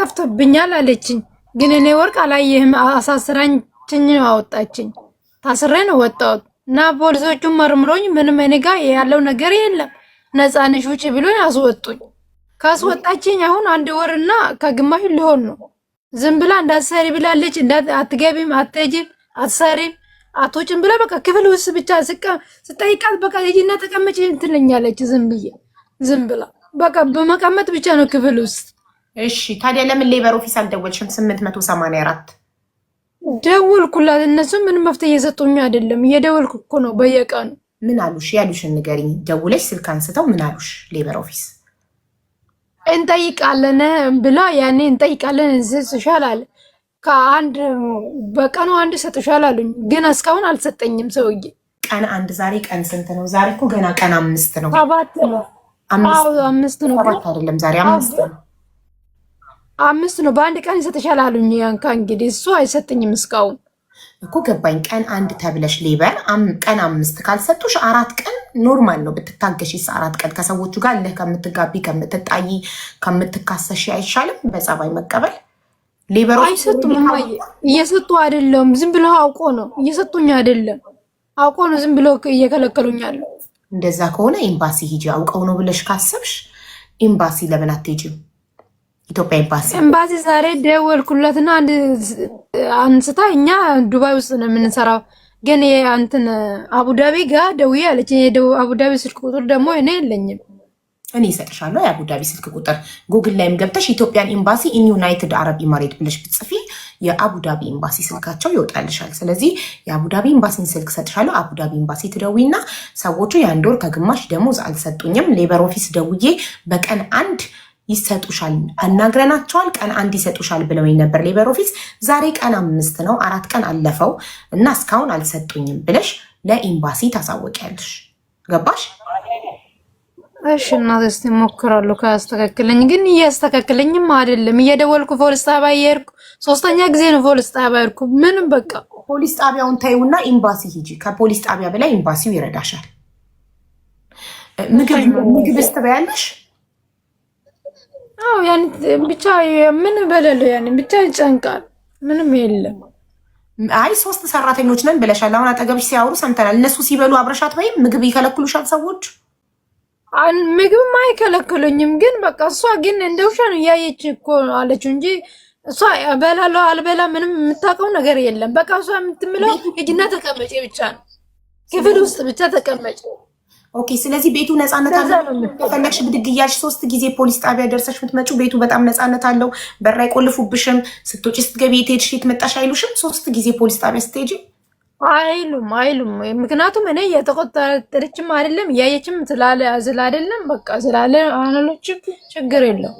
ጠፍቶብኛል አለችኝ። ግን እኔ ወርቅ አላየህም አሳስራችኝ ነው አወጣችኝ። ታስሬ ነው ወጣሁት እና ፖሊሶቹን መርምሮኝ ምንም እኔ ጋ ያለው ነገር የለም ነፃነሽ ውጭ ብሎኝ አስወጡኝ። ካስወጣችኝ አሁን አንድ ወርና ከግማሽ ሊሆን ነው። ዝም ብላ እንዳትሰሪ ብላለች። አትገቢም፣ አትሄጂም፣ አትሰሪም፣ አትወጭም ብላ በቃ ክፍል ውስጥ ብቻ ስጠይቃት በቃ ልጅና ተቀመጭ ትለኛለች። ዝም ብዬ ዝም ብላ በቃ በመቀመጥ ብቻ ነው ክፍል ውስጥ እሺ ታዲያ ለምን ሌበር ኦፊስ አልደወልሽም? ስምንት መቶ ሰማንያ አራት ደወልኩላት። እነሱ ምን መፍትሄ እየሰጡኝ አይደለም። እየደወልኩ እኮ ነው በየቀኑ። ምን አሉሽ? ያሉሽን ንገሪኝ። ደውለሽ ስልክ አንስተው ምን አሉሽ? ሌበር ኦፊስ እንጠይቃለን ብላ ያኔ እንጠይቃለን እንስስሻል አለ። ከአንድ በቀኑ አንድ ሰጥሻል አሉኝ፣ ግን እስካሁን አልሰጠኝም ሰውዬ። ቀን አንድ ዛሬ ቀን ስንት ነው? ዛሬ እኮ ገና ቀን አምስት ነው። ሰባት ነው። አምስት ነው አይደለም ዛሬ አምስት ነው። አምስት ነው። በአንድ ቀን ይሰጥሻል አሉኝ። ያንካ እንግዲህ እሱ አይሰጥኝም እስካሁን እኮ ገባኝ። ቀን አንድ ተብለሽ ሌበር ቀን አምስት ካልሰጡሽ አራት ቀን ኖርማል ነው ብትታገሺስ? አራት ቀን ከሰዎቹ ጋር ልህ ከምትጋቢ ከምትጣይ ከምትካሰሽ አይሻልም? በጸባይ መቀበል ሌበሮ አይሰጡም። እየሰጡ አይደለም፣ ዝም ብለው አውቆ ነው እየሰጡኝ አይደለም፣ አውቆ ነው ዝም ብለው እየከለከሉኝ አለው። እንደዛ ከሆነ ኤምባሲ ሂጂ። አውቀው ነው ብለሽ ካሰብሽ ኤምባሲ ለምን አትሄጂም? ኢትዮጵያ ኤምባሲ ኤምባሲ ዛሬ ደወልኩለትና አንድ አንስታ እኛ ዱባይ ውስጥ ነው የምንሰራው፣ ግን አንትን አቡዳቢ ጋር ደውዬ አለች። አቡዳቢ ስልክ ቁጥር ደግሞ እኔ የለኝም። እኔ እሰጥሻለሁ የአቡዳቢ ስልክ ቁጥር። ጉግል ላይም ገብተሽ ኢትዮጵያን ኤምባሲ ኢን ዩናይትድ አረብ ኢማሬት ብለሽ ብትጽፊ የአቡዳቢ ኤምባሲ ስልካቸው ይወጣልሻል። ስለዚህ የአቡዳቢ ኤምባሲን ስልክ እሰጥሻለሁ። አቡዳቢ ኤምባሲ ትደውይና ሰዎቹ የአንድ ወር ከግማሽ ደሞዝ አልሰጡኝም፣ ሌበር ኦፊስ ደውዬ በቀን አንድ ይሰጡሻል አናግረናቸዋል። ቀን አንድ ይሰጡሻል ብለውኝ ነበር ሌበር ኦፊስ። ዛሬ ቀን አምስት ነው፣ አራት ቀን አለፈው እና እስካሁን አልሰጡኝም ብለሽ ለኤምባሲ ታሳወቂያለሽ። ገባሽ? እሺ እናቴ፣ ስ ሞክራሉ ካስተካክለኝ ግን እያስተካክለኝም አይደለም። እየደወልኩ ፖሊስ ጣቢያ እየሄድኩ ሶስተኛ ጊዜ ነው ፖሊስ ጣቢያ እሄድኩ። ምንም በቃ ፖሊስ ጣቢያውን ተይውና ኤምባሲ ሂጂ። ከፖሊስ ጣቢያ በላይ ኤምባሲው ይረዳሻል። ምግብ ምግብ ስትበያለሽ አዎ ያን ብቻ ምን በለለው፣ ያን ብቻ ይጨንቃል። ምንም የለም። አይ ሶስት ሰራተኞች ነን ብለሻል። አሁን አጠገብሽ ሲያወሩ ሰምተናል። እነሱ ሲበሉ አብረሻት ወይም ምግብ ይከለክሉሻል ሰዎች? ምግብም አይከለክሉኝም፣ ግን በቃ እሷ ግን እንደ ውሻ ነው እያየች እኮ አለችው እንጂ እሷ በላለው አልበላ ምንም የምታውቀው ነገር የለም። በቃ እሷ የምትምለው ሂጂና ተቀመጪ ብቻ ነው፣ ክፍል ውስጥ ብቻ ተቀመጪ ኦኬ። ስለዚህ ቤቱ ነፃነት አለ። ከፈለግሽ ብድግ እያልሽ ሶስት ጊዜ ፖሊስ ጣቢያ ደርሰሽ የምትመጪው ቤቱ በጣም ነፃነት አለው። በራ አይቆልፉብሽም። ስትወጪ ስትገቢ፣ የት ሄድሽ የት መጣሽ አይሉሽም። ሶስት ጊዜ ፖሊስ ጣቢያ ስትሄጂ አይሉም አይሉም። ምክንያቱም እኔ የተቆጠረችም አይደለም እያየችም ስላለ አይደለም በቃ ስላለ አናሎችም ችግር የለው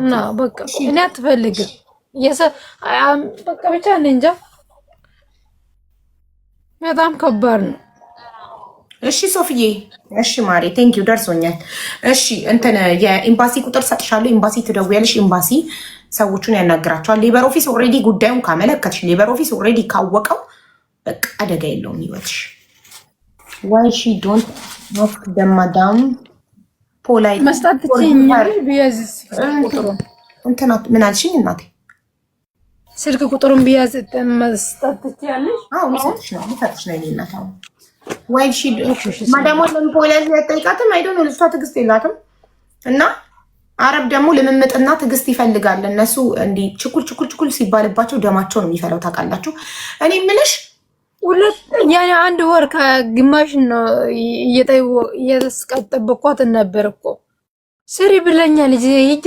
እና በቃ እኔ አትፈልግም በቃ ብቻ እንጃ በጣም ከባድ ነው። እሺ ሶፍዬ፣ እሺ ማሪ፣ ቴንክ ዩ ደርሶኛል። እሺ እንትን የኤምባሲ ቁጥር ሰጥሻለሁ። ኤምባሲ ትደውያለሽ። ኤምባሲ ሰዎቹን ያናግራቸዋል። ሌበር ኦፊስ ኦልሬዲ ጉዳዩን ካመለከትሽ፣ ሌበር ኦፊስ ኦልሬዲ ካወቀው በቃ አደጋ የለውም ይወትሽ ዋይ ሺ ዶንት ኖክ ደማዳም ፖላይ መስጣት እንትና ምን አልሽኝ እናቴ? ስልክ ቁጥሩን ቢያዝ መስጣት ትችያለሽ? አዎ መስጣትሽ ነው። ልፈጥሽ ነው እናት አሁን ወይ ማዳሞ ለምፖላ ያጠይቃትም አይደ ልሷ ትግስት የላትም እና አረብ ደግሞ ልምምጥና ትዕግስት ይፈልጋል። እነሱ እንዲህ ችኩል ችኩል ችኩል ሲባልባቸው ደማቸው ነው የሚፈለው። ታውቃላችሁ እኔ ምልሽ ያኔ አንድ ወር ከግማሽ ነው እየተስቀጠበኳትን ነበር እኮ ስሪ ብለኛል ልጅ ሂጅ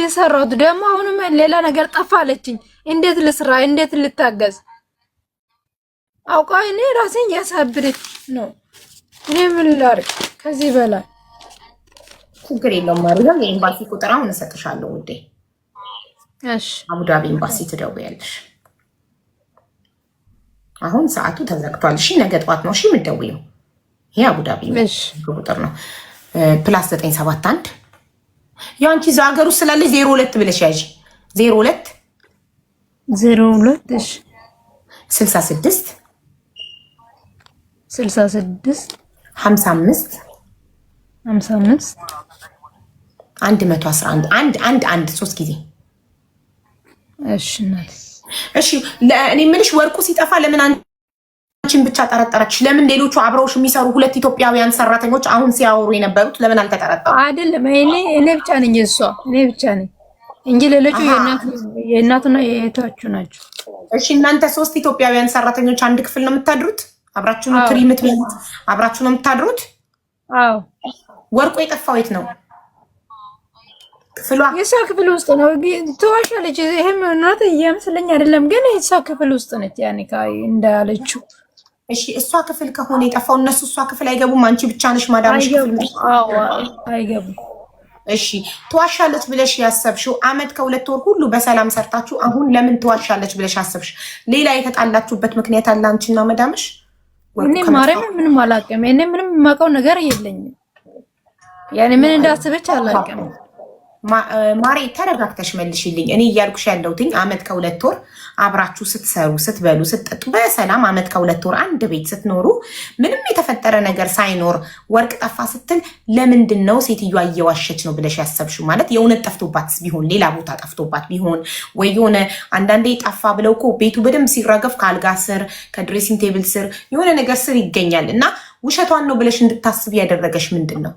ደግሞ አሁንም ሌላ ነገር ጠፋ አለችኝ። እንዴት ልስራ? እንዴት ልታገዝ? አውቃ እኔ ራሴን እያሳብደች ነው እኔ ምን ላድርግ ከዚህ በላይ ችግር የለውም። ማርያም የኤምባሲ ቁጥር አሁን እሰጥሻለሁ ውዴ። እሺ አቡዳቢ ኤምባሲ ትደውያለሽ። አሁን ሰዓቱ ተዘግቷል። እሺ ነገ ጠዋት ነው እሺ የምትደውይው። ይሄ አቡዳቢ ቁጥር ነው። ፕላስ 971 ያንቺ እዛ ሀገር ውስጥ ስላለሽ 02 ብለሽ ያዥ። 02 02 እሺ 66 66 ሀምሳ አምስት ሀምሳ አምስት አንድ መቶ አስራ አንድ አንድ አንድ አንድ ሶስት ጊዜ እሺ ናይስ እሺ እኔ የምልሽ ወርቁ ሲጠፋ ለምን አንቺን ብቻ ጠረጠረች? ለምን ሌሎቹ አብረውሽ የሚሰሩ ሁለት ኢትዮጵያውያን ሰራተኞች አሁን ሲያወሩ የነበሩት ለምን አልተጠረጠሩ? አይደለም እኔ እኔ ብቻ ነኝ እሷ እኔ ብቻ ነኝ እንጂ ሌሎቹ የእናቱና የእህቶቹ ናቸው። እሺ እናንተ ሶስት ኢትዮጵያውያን ሰራተኞች አንድ ክፍል ነው የምታድሩት? አብራችሁ ነው ትሪ የምትበሉት፣ አብራችሁ ነው የምታድሩት። ወርቆ የጠፋው የት ነው? ክፍሏ የእሷ ክፍል ውስጥ ነው። ትዋሻለች። ይህም ሆናት እያመስለኝ አይደለም፣ ግን የእሷ ክፍል ውስጥ ነች። ያኔ እንዳለችው እሺ፣ እሷ ክፍል ከሆነ የጠፋው እነሱ እሷ ክፍል አይገቡም። አንቺ ብቻ ነሽ ማዳምሽ ክፍል አይገቡም። እሺ ትዋሻለች ብለሽ ያሰብሽው አመት ከሁለት ወር ሁሉ በሰላም ሰርታችሁ፣ አሁን ለምን ትዋሻለች ብለሽ አሰብሽ? ሌላ የተጣላችሁበት ምክንያት አለ አንቺና መዳምሽ? እኔ ማርያምን ምንም አላውቅም። እኔ ምንም የማውቀው ነገር የለኝም። ያኔ ምን እንዳስበች አላውቅም። ማሬ ተረጋግተሽ መልሽልኝ። እኔ እያልኩሽ ያለውትኝ አመት ከሁለት ወር አብራችሁ ስትሰሩ ስትበሉ ስትጠጡ በሰላም አመት ከሁለት ወር አንድ ቤት ስትኖሩ ምንም የተፈጠረ ነገር ሳይኖር ወርቅ ጠፋ ስትል ለምንድን ነው ሴትዮዋ እየዋሸች ነው ብለሽ ያሰብሽው? ማለት የእውነት ጠፍቶባት ቢሆን ሌላ ቦታ ጠፍቶባት ቢሆን ወይ የሆነ አንዳንዴ ጠፋ ብለው እኮ ቤቱ በደንብ ሲራገፍ ከአልጋ ስር ከድሬሲንግ ቴብል ስር የሆነ ነገር ስር ይገኛል እና ውሸቷን ነው ብለሽ እንድታስብ ያደረገሽ ምንድን ነው?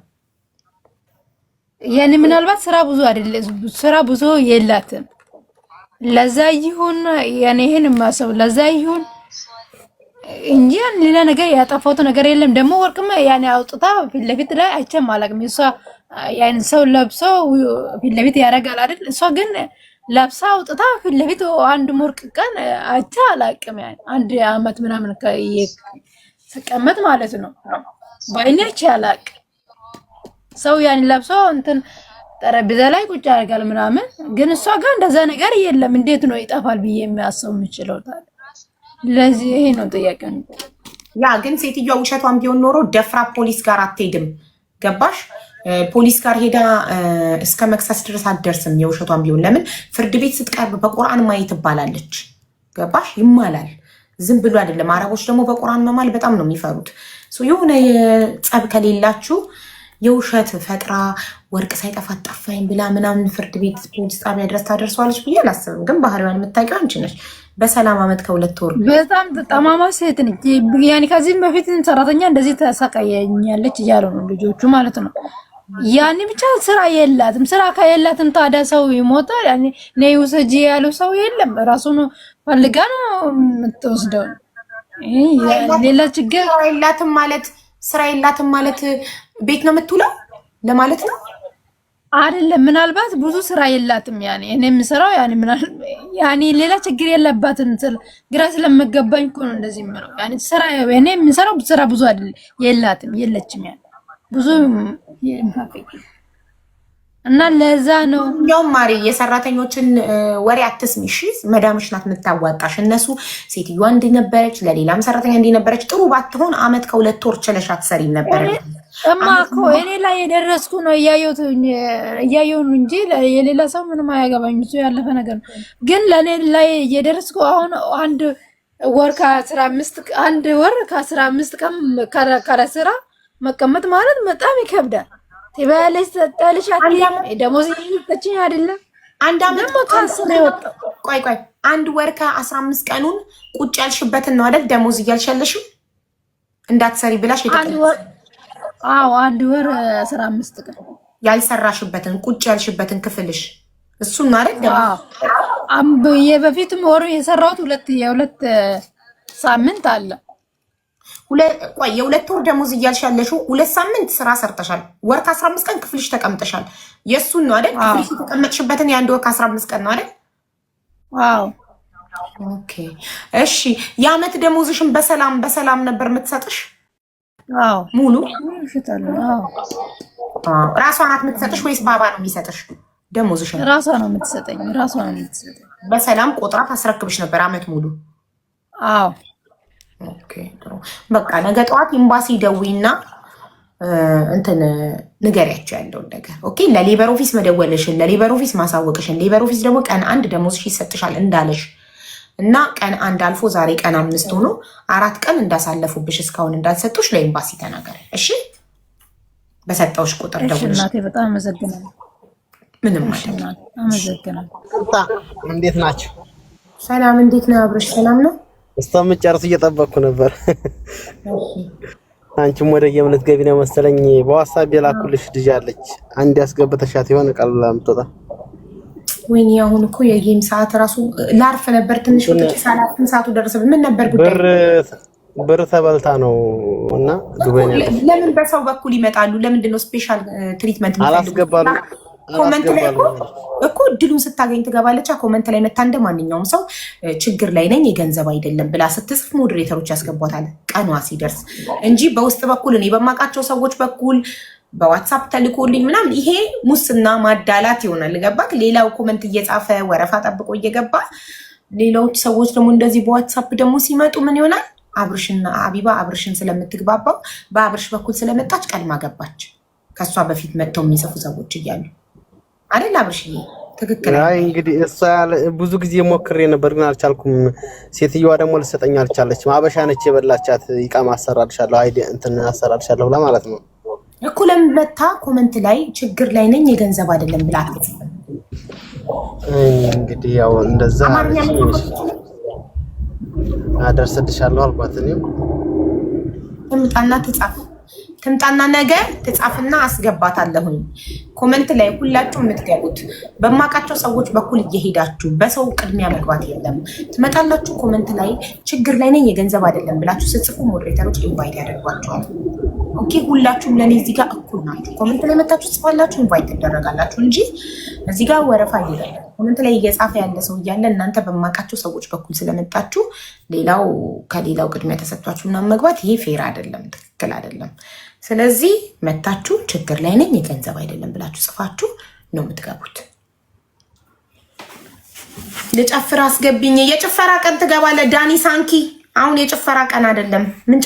ያን ምናልባት ስራ ብዙ አይደለ ስራ ብዙ የላትም። ለዛ ይሁን ያን ይሄን ማሰብ ለዛ ይሁን እንጂ ሌላ ነገር ያጠፋሁት ነገር የለም። ደግሞ ወርቅም ያን አውጥታ ፊት ለፊት ላይ አይቼም አላውቅም። እሷ ያን ሰው ለብሶ ፊት ለፊት ያደርጋል አይደል? እሷ ግን ለብሳ አውጥታ ፊት ለፊት አንድ ወርቅ ቀን አይቼ አላውቅም። ያን አንድ አመት ምናምን ከየ ተቀመጥ ማለት ነው ባይኔ አይቼ አላውቅም። ሰው ያን ለብሶ እንትን ጠረጴዛ ላይ ቁጭ ያደርጋል ምናምን፣ ግን እሷ ጋር እንደዛ ነገር የለም። እንዴት ነው ይጠፋል ብዬ የሚያስበው የምችለው ታዲያ? ለዚህ ይሄ ነው ጥያቄ ያ ግን ሴትዮዋ ውሸቷን ቢሆን ኖሮ ደፍራ ፖሊስ ጋር አትሄድም። ገባሽ? ፖሊስ ጋር ሄዳ እስከ መክሰስ ድረስ አትደርስም። የውሸቷን ቢሆን ለምን ፍርድ ቤት ስትቀርብ በቁርአን ማየት ትባላለች። ገባሽ? ይማላል ዝም ብሎ አይደለም። አረቦች ደግሞ በቁርአን መማል በጣም ነው የሚፈሩት። የሆነ ጸብ ከሌላችሁ የውሸት ፈጥራ ወርቅ ሳይጠፋት ጠፋኝ ብላ ምናምን ፍርድ ቤት ፖሊስ ጣቢያ ድረስ ታደርሰዋለች ብዬ አላስብም። ግን ባህሪዋን የምታውቂው አንቺ ነች። በሰላም አመት ከሁለት ወር በጣም ጠማማ ሴት ነች። ያኔ ከዚህም በፊት ሰራተኛ እንደዚህ ተሰቃየኛለች እያሉ ነው ልጆቹ ማለት ነው። ያኔ ብቻ ስራ የላትም። ስራ ከየላትም ታዲያ ሰው ይሞታል። ነይ ውሰጂ ያለው ሰው የለም። ራሱን ፈልጋ ነው የምትወስደው። ሌላ ችግር የላትም ማለት ስራ የላትም ማለት ቤት ነው የምትውለው ለማለት ነው አይደለም። ምናልባት ብዙ ስራ የላትም። ያኔ እኔ የምሰራው ያኔ ሌላ ችግር የለባትም። ግራ ስለምገባኝ እኮ ነው እንደዚህ የምለው። ያኔ ስራ እኔ የምሰራው ስራ ብዙ አይደለም፣ የላትም፣ የለችም። ያ ብዙ እና ለዛ ነው ያው ማሪ የሰራተኞችን ወሬ አትስሚ። እሺ መዳምሽ ናት የምታዋጣሽ። እነሱ ሴትዮዋ እንዲነበረች ለሌላም ሰራተኛ እንዲነበረች ጥሩ ባትሆን አመት ከሁለት ወር ችለሽ አትሰሪም ነበር። እማ እኮ እኔ ላይ የደረስኩ ነው እያየሁ እንጂ የሌላ ሰው ምንም አያገባኝ። እሱ ያለፈ ነገር ነው። ግን ለእኔ ላይ እየደረስኩ አሁን አንድ ወር ከአስራ አምስት አንድ ወር ከአስራ አምስት ቀን ስራ መቀመጥ ማለት በጣም ይከብዳል። ትበያለሽ፣ ትጠጣለሽ፣ ደሞዝ የሚሰጠችኝ አይደለም። አንድ አመት ቆይ ቆይ አንድ ወር ከአስራ አምስት ቀኑን ቁጭ ያልሽበትን ነው አይደል? ደሞዝ እያልሽ እያልሻለሽም እንዳትሰሪ ብላሽ የጠቀለች አዎ አንድ ወር አስራ አምስት ቀን ያልሰራሽበትን ቁጭ ያልሽበትን ክፍልሽ እሱን ማድረግ ደግሞ በፊትም ወሩ የሰራሁት ሁለት የሁለት ሳምንት አለ። ቆይ የሁለት ወር ደሞዝ እያልሽ ያለሽው ሁለት ሳምንት ስራ ሰርተሻል። ወር ከአስራ አምስት ቀን ክፍልሽ ተቀምጠሻል። የእሱን ነው አይደል? ክፍልሽ የተቀመጥሽበትን የአንድ ወር ከአስራ አምስት ቀን ነው አይደል? አዎ ኦኬ። እሺ የአመት ደሞዝሽን በሰላም በሰላም ነበር የምትሰጥሽ? ሙሉ ራሷ ናት የምትሰጥሽ ወይስ ባባ ነው የሚሰጥሽ? ደሞዝሽ ራሷ ነው የምትሰጠኝ። ራሷ ነው የምትሰጠኝ። በሰላም ቆጥራ ታስረክብሽ ነበር አመት ሙሉ። አዎ በቃ ነገ ጠዋት ኤምባሲ ደዊና እንትን ንገሪያቸው ያለውን ነገር ኦኬ። ለሌበር ኦፊስ መደወልሽን፣ ለሌበር ኦፊስ ማሳወቅሽን፣ ሌበር ኦፊስ ደግሞ ቀን አንድ ደሞዝሽ ይሰጥሻል እንዳለሽ እና ቀን አንድ አልፎ ዛሬ ቀን አምስት ሆኖ አራት ቀን እንዳሳለፉብሽ እስካሁን እንዳልሰጡሽ ለኤምባሲ ተናገረ። እሺ በሰጠውሽ ቁጥር ደውልሽ። በጣም አመሰግናለሁ። ምንም እንዴት ናቸው? ሰላም። እንዴት ነው አብረሽ? ሰላም ነው። እስከምትጨርስ እየጠበቅኩ ነበር። አንቺም ወደ የእምነት ገቢ ነው መሰለኝ። በዋሳብ የላኩልሽ ልጅ አለች አንድ ያስገብተሻት የሆነ ቃል ብላ ወይኔ አሁን እኮ የጌም ሰዓት ራሱ ላርፍ ነበር። ትንሽ ቁጥጭ ሳላትን ሰዓቱ ደረሰ። ምን ነበር ጉዳይ? ብር ተበልታ ነው እና ለምን በሰው በኩል ይመጣሉ? ለምንድነው ስፔሻል ትሪትመንት አላስገባሉ? ኮመንት ላይ እኮ እድሉን ስታገኝ ትገባለች። ኮመንት ላይ መታ እንደ ማንኛውም ሰው ችግር ላይ ነኝ የገንዘብ አይደለም ብላ ስትጽፍ ሞድሬተሮች ያስገቧታል ቀኗ ሲደርስ እንጂ በውስጥ በኩል እኔ በማውቃቸው ሰዎች በኩል በዋትሳፕ ተልኮልኝ ምናምን ይሄ ሙስና ማዳላት ይሆናል። ገባክ? ሌላው ኮመንት እየጻፈ ወረፋ ጠብቆ እየገባ ሌላዎች ሰዎች ደግሞ እንደዚህ በዋትሳፕ ደግሞ ሲመጡ ምን ይሆናል? አብርሽና አቢባ አብርሽን ስለምትግባባው በአብርሽ በኩል ስለመጣች ቀድማ ገባች። ከእሷ በፊት መጥተው የሚጽፉ ሰዎች እያሉ አይደል? አብርሽ ትክክል። አይ እንግዲህ እሷ ብዙ ጊዜ ሞክሬ ነበር ግን አልቻልኩም። ሴትዮዋ ደግሞ ልሰጠኝ አልቻለች። አበሻ ነች የበላቻት። ይቃማ አሰራልሻለሁ፣ አይዲ እንትን አሰራልሻለሁ ብላ ማለት ነው እኮ ለምን መታ ኮመንት ላይ ችግር ላይ ነኝ የገንዘብ አይደለም ብላ እንግዲህ ያው እንደዛ አደርስልሻለሁ አልኳት። እኔም ትምጣና ትጻፍ ትምጣና ነገ ትጻፍና አስገባታለሁኝ። ኮመንት ላይ ሁላችሁ የምትገቡት በማውቃቸው ሰዎች በኩል እየሄዳችሁ በሰው ቅድሚያ መግባት የለም። ትመጣላችሁ። ኮመንት ላይ ችግር ላይ ነኝ የገንዘብ አይደለም ብላችሁ ስትጽፉ ሞዴሬተሮች ኢንቫይት ያደርጓቸዋል። ኦኬ ሁላችሁም ለእኔ እዚህ ጋር እኩል ናችሁ። ኮመንት ላይ መታችሁ ጽፋላችሁ ኢንቫይት ትደረጋላችሁ እንጂ እዚህ ጋር ወረፋ ይላል። ኮመንት ላይ እየጻፈ ያለ ሰው እያለ እናንተ በማውቃቸው ሰዎች በኩል ስለመጣችሁ ሌላው ከሌላው ቅድሚያ ተሰጥቷችሁ እና መግባት ይሄ ፌር አይደለም፣ ትክክል አይደለም። ስለዚህ መታችሁ ችግር ላይ ነኝ የገንዘብ አይደለም ብላችሁ ጽፋችሁ ነው የምትገቡት። ልጨፍር አስገብኝ። የጭፈራ ቀን ትገባለ ዳኒ ሳንኪ። አሁን የጭፈራ ቀን አይደለም ምን